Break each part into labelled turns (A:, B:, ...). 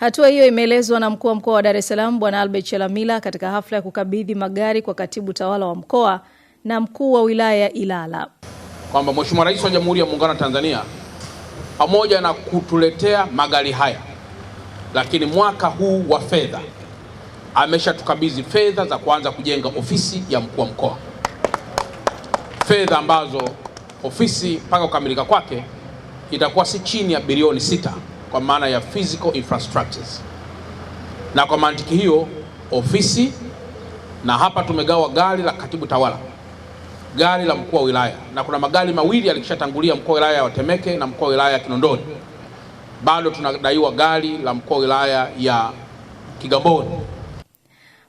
A: Hatua hiyo imeelezwa na mkuu wa mkoa wa Dar es Salaam Bwana Albert Chalamila katika hafla ya kukabidhi magari kwa katibu tawala wa mkoa na mkuu wa wilaya ya Ilala
B: kwamba Mheshimiwa Rais wa Jamhuri ya Muungano wa Tanzania pamoja na kutuletea magari haya, lakini mwaka huu wa fedha ameshatukabidhi fedha za kuanza kujenga ofisi ya mkuu wa mkoa, fedha ambazo ofisi mpaka kukamilika kwake itakuwa si chini ya bilioni sita kwa maana ya physical infrastructures. Na kwa mantiki hiyo ofisi, na hapa tumegawa gari la katibu tawala, gari la mkuu wa wilaya, na kuna magari mawili yalikishatangulia mkuu wa wilaya wa Temeke na mkuu wa wilaya ya Kinondoni. Bado tunadaiwa gari la mkuu wa wilaya ya Kigamboni.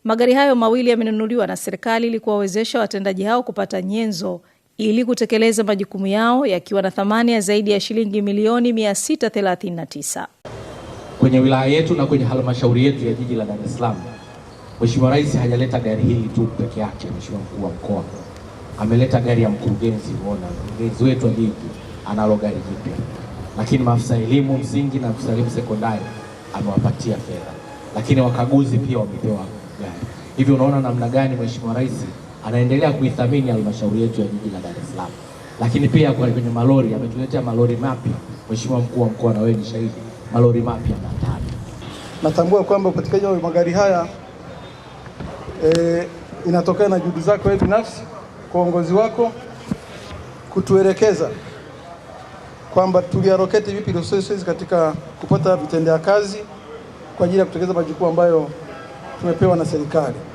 A: Magari hayo mawili yamenunuliwa na serikali ili kuwawezesha watendaji hao kupata nyenzo ili kutekeleza majukumu yao yakiwa na thamani ya zaidi ya shilingi milioni 639
C: kwenye wilaya yetu na kwenye halmashauri yetu ya jiji la Dar es Salaam. Mheshimiwa Rais hajaleta gari hili tu peke yake, Mheshimiwa mkuu wa mkoa ameleta gari ya mkurugenzi. huona mkurugenzi wetu wa jiji analo gari jipya, lakini maafisa elimu msingi na maafisa elimu sekondari amewapatia fedha, lakini wakaguzi pia wamepewa gari. Hivyo unaona namna gani Mheshimiwa Rais anaendelea kuithamini halmashauri yetu ya jiji la Dar es Salaam. Lakini pia kwa kwenye malori ametuletea malori mapya, Mheshimiwa mkuu wa mkoa, na wewe ni shahidi, malori mapya matano.
D: Natambua kwamba upatikaji wa magari haya e, inatokana na juhudi zako wewe binafsi kwa uongozi wako kutuelekeza kwamba tuliaroketi vipi resources katika kupata vitendea kazi kwa ajili ya kutekeleza majukumu ambayo tumepewa na serikali.